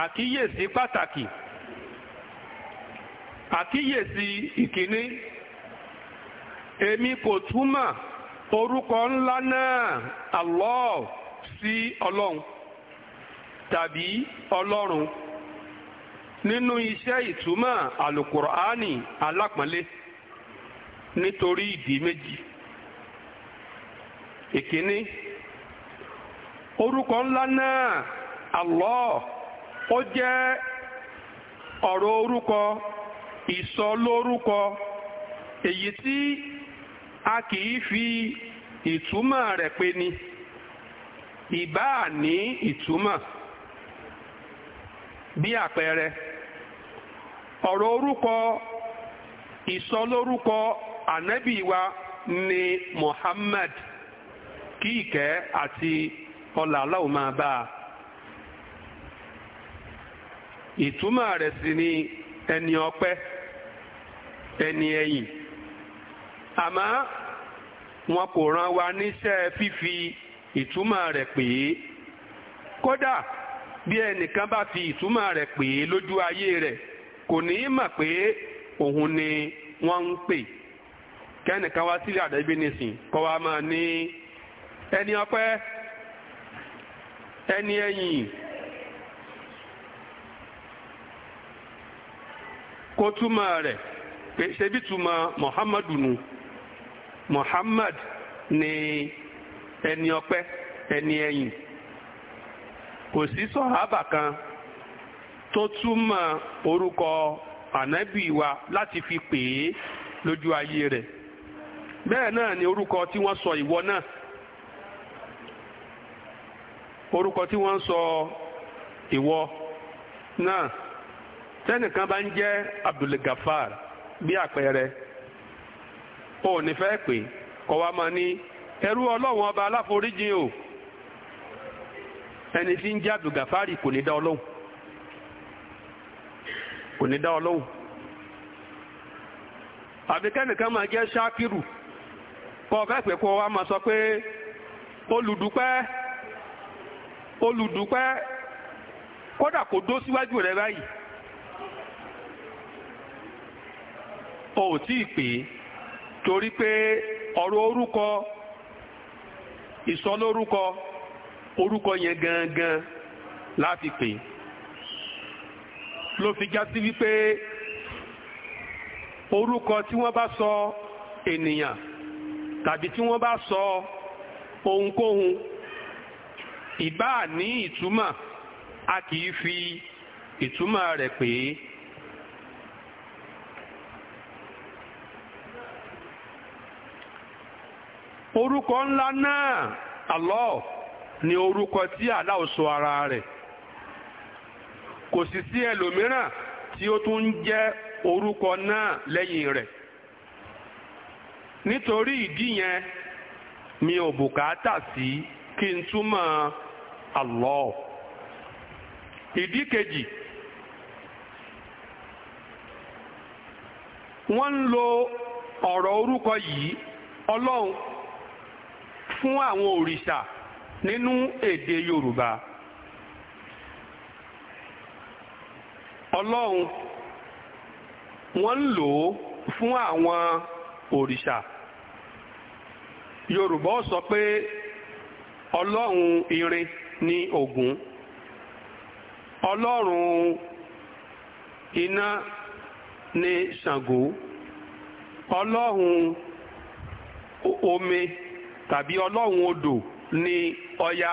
àkíyèsí pàtàkì àkíyèsí ìkíní èmi kò túmọ̀ orúkọ ńlá náà Allah sí ọlọ́run tàbí ọlọ́run nínú iṣẹ́ ìtúmọ̀ àlùkùránì alápọ̀nlé nítorí ìdí méjì ìkíní orúkọ ńlá náà Allah ó jẹ́ ọ̀rọ̀ orúkọ ìsọlórúkọ èyí tí a kìí fi ìtumọ̀ rẹ̀ pé ni, ìbáà ní ìtumọ̀ bí àpẹẹrẹ ọ̀rọ̀ orúkọ ìsọlórúkọ ànábì wa ni Muhammad kí àti ọlà aláwọ̀ máa bá ìtumọ̀ rẹ̀ sì ni ẹni ọpẹ́ ẹni ẹ̀yìn àmọ́ wọn kò ran wa níṣẹ́ fífi ìtumọ̀ rẹ̀ pè é kódà bí ẹnìkan bá fi ìtumọ̀ rẹ̀ pè é lójú ayé rẹ̀ kò ní í mọ̀ pé òun ni wọ́n ń pè kẹ́nìkan wá sílẹ̀ àdẹ́bí nìsín kọ́ wa máa ní ẹni ọpẹ́ ẹni ẹ̀yìn. kò túmọ̀ rẹ̀ pé ṣebí túmọ̀ muhammadu nu muhammad ni ẹni ọpẹ́ ẹni ẹ̀yìn kò sí sọ̀hábà kan tó túmọ̀ orúkọ ànábì wa fi pè é lójú ayé rẹ̀ bẹ́ẹ̀ náà ni orúkọ tí wọ́n sọ ìwọ náà tẹ́nìkan bá ń jẹ́ Abdulgafar bí àpẹẹrẹ o ní fẹ́ pè kọ́ wa máa ní ẹrú ọlọ́run ọba aláforíjì o ẹni tí ń jẹ́ Abdulgafar kò ní dá ọlọ́run kò ní dá ọlọ́run àbí kẹ́nìkan máa jẹ́ Ṣákírù kọ ọ káàpẹ́ kọ́ wa máa sọ pé olùdúpẹ́ olùdúpẹ́ kódà kò dó síwájú rẹ báyìí. o ò tí ì pè é torí pé ọ̀rọ̀ orúkọ ìsọlórúkọ orúkọ yẹn gangan láti pè é ló fi já sí wípé orúkọ tí wọ́n bá sọ ènìyàn tàbí tí wọ́n bá sọ ohunkóhun ìbáà ní ìtumọ̀ a kì í fi ìtumọ̀ rẹ̀ pè é. orúkọ ńlá náà Allah ni orúkọ tí Allah sọ ara rẹ̀ kò sì sí ẹlòmíràn tí ó tún ń jẹ́ orúkọ náà lẹ́yìn rẹ̀ nítorí ìdí yẹn mi ò bùkátà sí kí n túmọ̀ Allah ìdí kejì wọ́n ń lo ọ̀rọ̀ orúkọ yìí ọlọ́run fún àwọn òrìṣà nínú èdè Yorùbá ọlọ́run wọ́n ń lò ó fún àwọn òrìṣà Yorùbá sọ pé ọlọ́run irin ní ogun, ọlọ́run iná ní Ṣàngó ọlọ́run omi tàbí ọlọ́run odò ni ọya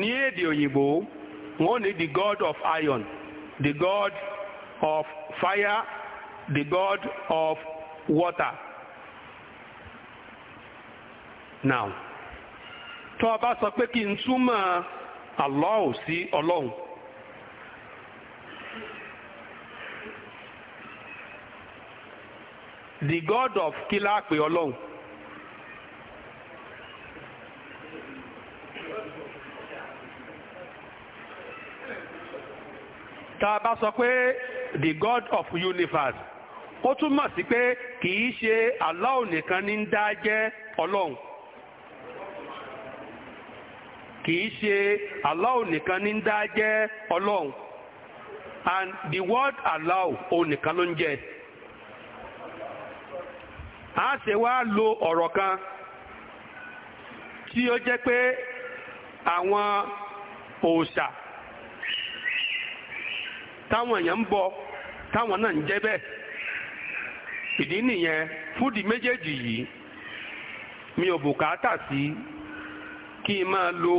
ní èdè òyìnbó wọ́n ní the god of iron the god of fire the god of water now tó o bá sọ pé kí n túmọ̀ Allah sí ọlọ́run the god of kílá pé ọlọ́run. tá a sọ pé the god of universe ó túmọ̀ sí pé kì í ṣe Allah nìkan ní ń dá jẹ́ ọlọ́run kì í ṣe Allah nìkan ní ń dá jẹ́ ọlọ́run and the word Allah òun nìkan ló ń jẹ́ ẹ. a ṣe wá lo ọ̀rọ̀ kan tí ó jẹ́ pé àwọn òòṣà táwọn èèyàn ń bọ táwọn náà ń jẹ́ bẹ́ẹ̀ ìdí nìyẹn fúdì méjèèjì yìí mi ò bùkátà sí kí n máa lo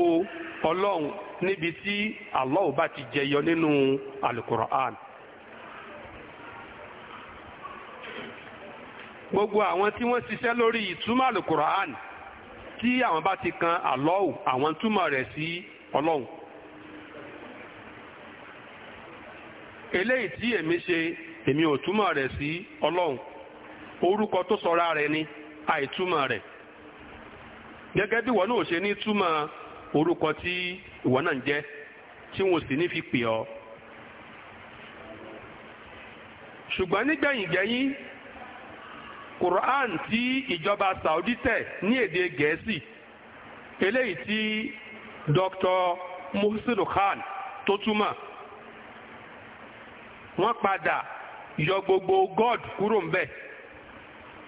ọlọ́run níbi tí Allah bá ti jẹyọ nínú alukur'an. gbogbo àwọn tí wọ́n ṣiṣẹ́ lórí ìtumọ̀ alukur'an tí àwọn bá ti kan àlọ́wù àwọn túmọ̀ rẹ̀ sí ọlọ́run. eléyìí tí èmi ṣe èmi ò túmọ̀ rẹ̀ sí ọlọ́run orúkọ tó sọra rẹ̀ ni àìtúmọ̀ rẹ̀ gẹ́gẹ́ bí ìwọ náà ṣe ní túmọ̀ orúkọ tí ìwọ náà ń jẹ́ tí wọn sì ní fi pè ọ́ ṣùgbọ́n nígbẹ̀yìn gẹ́yìn Quran tí ìjọba Saudi tẹ ní èdè Gẹ̀ẹ́sì eléyìí tí Dr. Mohsin Khan tó túmọ̀ wọ́n padà yọ gbogbo God kúrò mbẹ,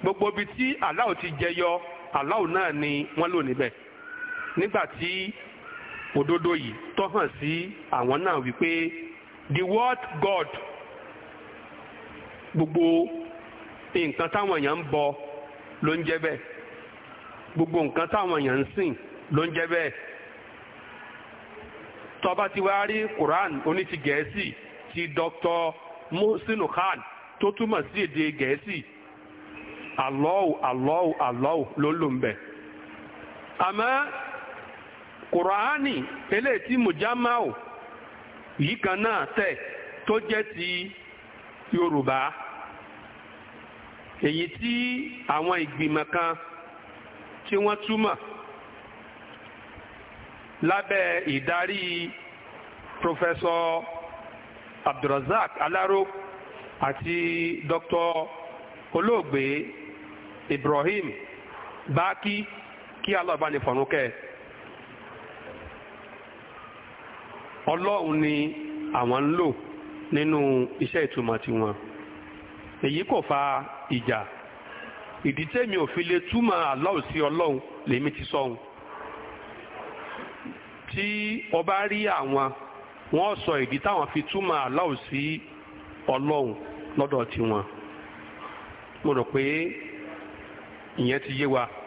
gbogbo ibi tí Allah ti jẹyọ Allah náà ni wọ́n lò níbẹ̀ nígbà tí òdodo yìí tọhàn hàn sí àwọn náà wípé the word God gbogbo nǹkan táwọn èèyàn ń bọ ló gbogbo nǹkan táwọn èèyàn ń sìn ló ń ti wá rí Quran ti Dr. Mohsin Khan tó túmọ̀ sí èdè Gẹ̀ẹ́sì Allahu Allahu Allahu ló lò ń bẹ̀. àmọ́ Kùránì eléyìí mujamao yìí kan ti Yorùbá èyí tí àwọn ìgbìmọ̀ kan tí wọ́n túmọ̀ lábẹ́ ìdarí pọfẹsọ Abdulrasaq Alaro àti dr olóògbé Ibrahim Baki kí alọ́ọ̀bánifọ̀rúnkẹ́ ọlọ́run ni àwọn ń lò nínú iṣẹ́ ìtumọ̀ tiwọn èyí kò fa ìjà ìdí tèmi ò fi lè túmọ̀ aláwọ̀ sí ọlọ́run lèmi ti sọ̀hún tí ọba rí àwọn wọ́n sọ ìdí táwọn fi túmọ̀ aláwọ̀ sí ọlọ́run lọ́dọ̀ tiwọn mo rò pé ìyẹn ti yé wa.